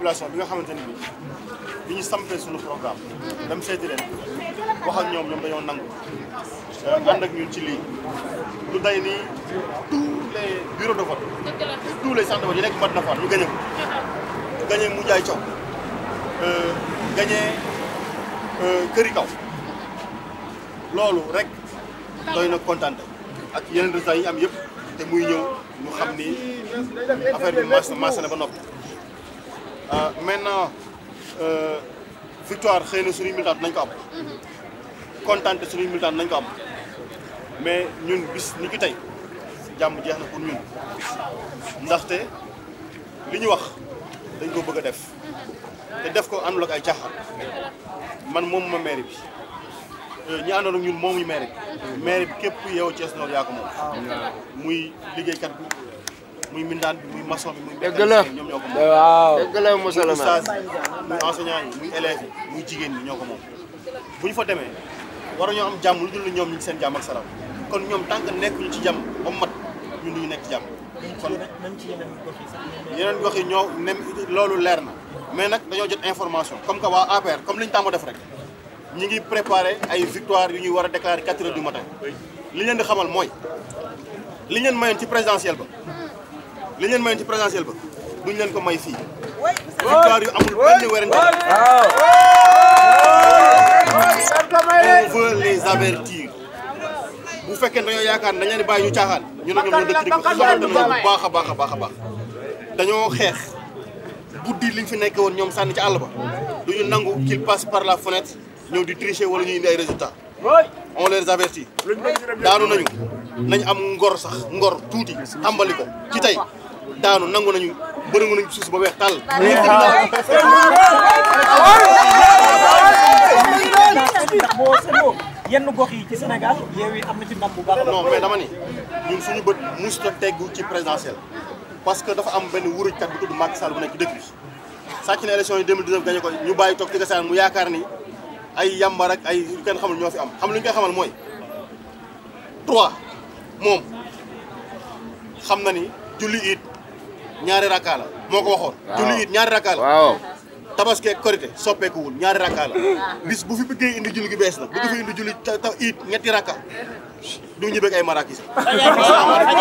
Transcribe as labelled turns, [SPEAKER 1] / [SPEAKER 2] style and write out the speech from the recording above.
[SPEAKER 1] population bi nga xamante ni bi bi ñu sampee suñu programme dem seeti leen wax ak ñoom ñoom dañoo nangu euh, ànd ak ñun ci lii lu day nii tous les bureaux de vote tous les centres vote yi nekk mat na fa ñu gañe ko gañe mu jaay caw gañe këri kaw loolu rek doy na kontaan ak yeneen résultats yi am yëpp te muy ñëw ñu xam ni affaire bi mas masé na ba nopp Euh, maintenant euh, victoire xëy na suñuy militant nañ ko am kontaante suñuy militant nañ ko am mais ñun bis ni ki tey jàmm jeex na pour ñun ndaxte li ñu wax dañ ko bëgg a def te def ko àndul ak ay caaxaan man moom ma maire bi euh, ñi àndoon ak ñun moomuñu maire bi maire bi képp ku yeewoo Thiès Nord yaa ko moom ah. muy liggéeykat bi muy mindaan bi muy maçon bi muy. dëgg la ñoom ñoo ko moom waaw dëgg la monsieur le maire muy enseignant yi muy élèves yi muy jigéen ñi ñoo ko moom. bu ñu fa demee war ñoo am jàmm lu dul ñoom ñu ngi seen jàmm ak salaam kon ñoom tant que nekkuñu ci jàmm ba mat ñun du ñu nekk ci jàmm. kon yeneen gox yi ñoo nem loolu leer na mais nag dañoo jot information comme que waa APR comme li ñu tàmm def rek ñi ngi préparé ay victoire yu ñuy war a déclarer 4 heures du matin li leen di xamal mooy li leen mayoon ci présidentielle ba. li ñu leen mayoon ci présidentiel ba duñ leen ko may fii victoire yu amul benn werante on veut les avertir bu fekkee dañoo yaakaar dañ leen bàyyi ñu caaxaan ñu ne ñoom ñoo dëkk di ko soxal bu baax a baax a baax a baax dañoo xeex buddi liñ fi nekk woon ñoom sànni ci àll ba duñu nangu qu'il passe par la fenêtre ñëw di tricher wala ñu indi ay résultats on les avertit daanu nañu nañ am ngor sax ngor tuuti tàmbali ko ci tey daanu nangu nañu bërëngu nañu suuf ba weex tàll. ndax boo seetloo yenn gox yi ci senegal yow yi am ci ndam bu baax mais dama ni ñun suñu bët mosut a tegu ci présidentiel parce que dafa am benn wurukat bu tudd Macky Sall bu nekk ci dëkk bi sàcc na élection yi 2019 gañe ko ñu bàyyi toog ci saan mu yaakaar ni ay yàmbar ak ay yu kenn xamul ñoo fi am xam lu ñu koy xamal mooy trois moom xam na ni julli it ñaari rakka la moo ko waxoon. julli it ñaari rakka la. waaw tabaski ak korite soppeekuwul ñaari rakka la. bis bu fi bëggee indi julli gi bees la. bu ko fi indi julli ta it ñetti rakka du ñibbeeg ay marakis.